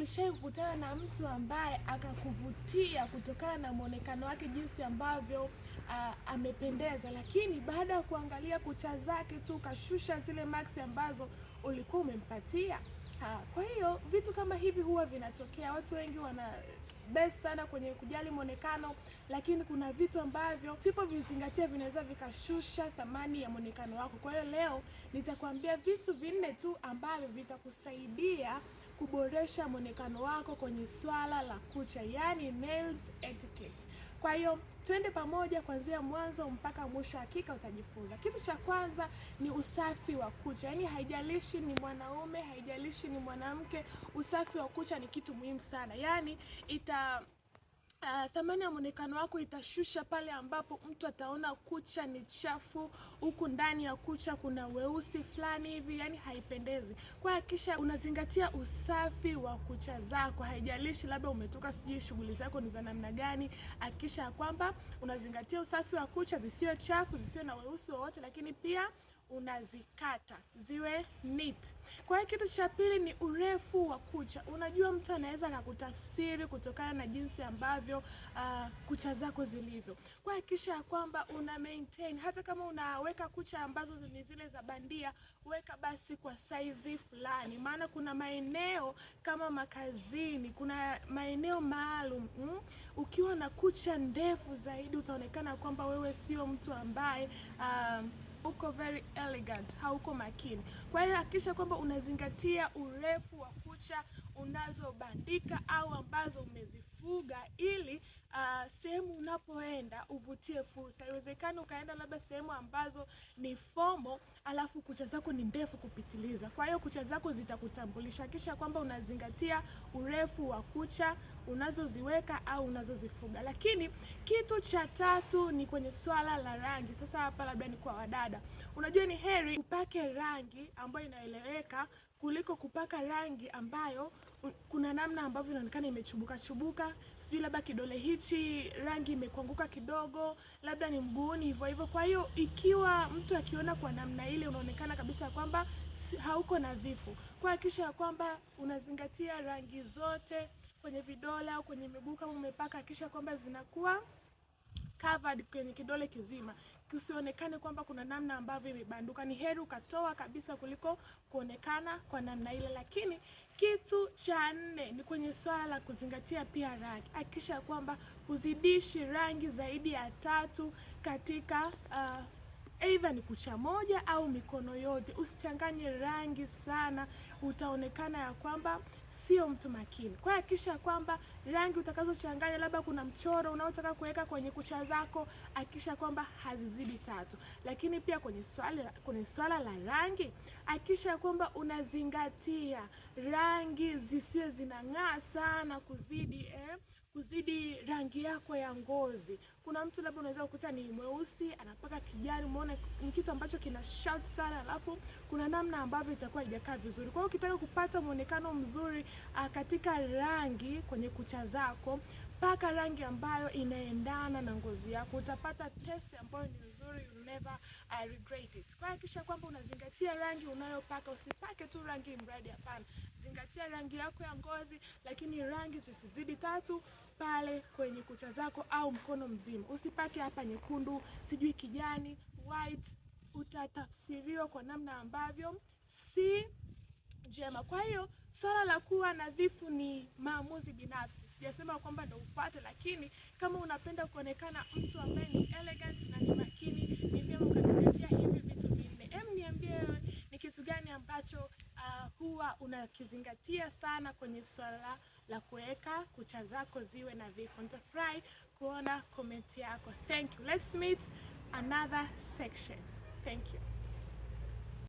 ulishai kukutana na mtu ambaye akakuvutia kutokana na mwonekano wake jinsi ambavyo uh, amependeza, lakini baada ya kuangalia kucha zake tu ukashusha zile maksi ambazo ulikuwa umempatia? Ha, kwa hiyo vitu kama hivi huwa vinatokea. Watu wengi wana best sana kwenye kujali mwonekano, lakini kuna vitu ambavyo vizingatia vinaweza vikashusha thamani ya mwonekano wako. Kwa hiyo leo nitakuambia vitu vinne tu ambavyo vitakusaidia kuboresha mwonekano wako kwenye swala la kucha, yani nails etiquette. Kwa hiyo twende pamoja kuanzia mwanzo mpaka mwisho, hakika utajifunza. Kitu cha kwanza ni usafi wa kucha, yaani haijalishi ni mwanaume, haijalishi ni mwanamke, usafi wa kucha ni kitu muhimu sana, yani ita Uh, thamani ya mwonekano wako itashusha pale ambapo mtu ataona kucha ni chafu, huku ndani ya kucha kuna weusi fulani hivi, yani haipendezi. Kwa hakikisha unazingatia usafi wa kucha zako, haijalishi labda umetoka sijui shughuli zako ni za namna gani. Hakikisha ya kwamba unazingatia usafi wa kucha, zisiwe chafu, zisiwe na weusi wowote, lakini pia unazikata ziwe neat. Kwa hiyo kitu cha pili ni urefu wa kucha. Unajua mtu anaweza akakutafsiri kutokana na jinsi ambavyo uh, kucha zako zilivyo. Kwa hakikisha ya kwamba una maintain, hata kama unaweka kucha ambazo ni zile za bandia, weka basi kwa saizi fulani, maana kuna maeneo kama makazini, kuna maeneo maalum mm, ukiwa na kucha ndefu zaidi utaonekana kwamba wewe sio mtu ambaye uh, uko very elegant, hauko makini. Kwa hiyo hakikisha kwamba unazingatia urefu wa kucha unazobandika au ambazo umezifuga ili uh, sehemu unapoenda uvutie fursa. Haiwezekani ukaenda labda sehemu ambazo ni fomo alafu kucha zako ni ndefu kupitiliza. Kwa hiyo kucha zako zitakutambulisha, kisha kwamba unazingatia urefu wa kucha unazoziweka au unazozifuga. Lakini kitu cha tatu ni kwenye swala la rangi. Sasa hapa labda ni kwa wadada, unajua ni heri upake rangi ambayo inaeleweka kuliko kupaka rangi ambayo kuna namna ambavyo inaonekana imechubuka chubuka, sijui labda kidole hichi rangi imekuanguka kidogo, labda ni mguuni hivyo hivyo. Kwa hiyo ikiwa mtu akiona kwa namna ile, unaonekana kabisa kwamba hauko nadhifu. Kwa hakikisha ya kwamba unazingatia rangi zote kwenye vidole au kwenye miguu kama umepaka, hakikisha kwamba zinakuwa covered kwenye kidole kizima kusionekane kwamba kuna namna ambavyo imebanduka. Ni heri ukatoa kabisa kuliko kuonekana kwa namna ile. Lakini kitu cha nne ni kwenye swala la kuzingatia pia rangi. Hakikisha kwamba huzidishi rangi zaidi ya tatu katika uh, Aidha ni kucha moja au mikono yote. Usichanganye rangi sana, utaonekana ya kwamba sio mtu makini. Kwa hakikisha kwamba rangi utakazochanganya, labda kuna mchoro unaotaka kuweka kwenye kucha zako, hakikisha kwamba hazizidi tatu. Lakini pia kwenye swala, kwenye swala la rangi, hakikisha kwamba unazingatia rangi zisiwe zinang'aa sana kuzidi eh kuzidi rangi yako ya ngozi. Kuna mtu labda unaweza kukuta ni mweusi anapaka kijani, umeona ni kitu ambacho kina shout sana, alafu kuna namna ambavyo itakuwa haijakaa vizuri. Kwa hiyo ukitaka kupata mwonekano mzuri a, ah, katika rangi kwenye kucha zako, paka rangi ambayo inaendana na ngozi yako, utapata test ambayo ni nzuri, you never ah, regret it. Kwa hakikisha kwamba unazingatia rangi unayopaka, usipake tu rangi mradi, hapana. Zingatia rangi yako ya ngozi, lakini rangi zisizidi tatu pale kwenye kucha zako au mkono mzima. Usipake hapa nyekundu, sijui kijani, white, utatafsiriwa kwa namna ambavyo si njema. Kwa hiyo swala la kuwa nadhifu ni maamuzi binafsi. Sijasema kwamba ndio ufuate, lakini kama unapenda kuonekana mtu ambaye ni elegant na ni makini, ni vyema ukazingatia hivi vitu vinne. Em, niambie wewe ni kitu gani ambacho huwa unakizingatia sana kwenye swala la kuweka kucha zako ziwe nadhifu. Nitafurahi kuona komenti yako. Thank you. Let's meet another section. Thank you.